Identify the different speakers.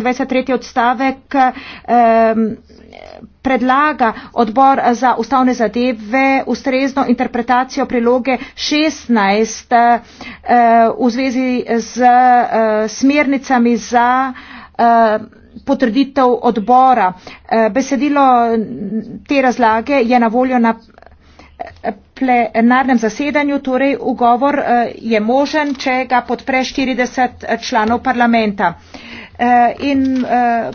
Speaker 1: 23. odstavek predlaga odbor za ustavne zadeve ustrezno interpretacijo priloge 16 eh, v zvezi z eh, smernicami za eh, potrditev odbora. Besedilo te razlage je na voljo na plenarnem zasedanju, torej ugovor je možen, če ga podpre 40 članov parlamenta. Eh,
Speaker 2: in eh,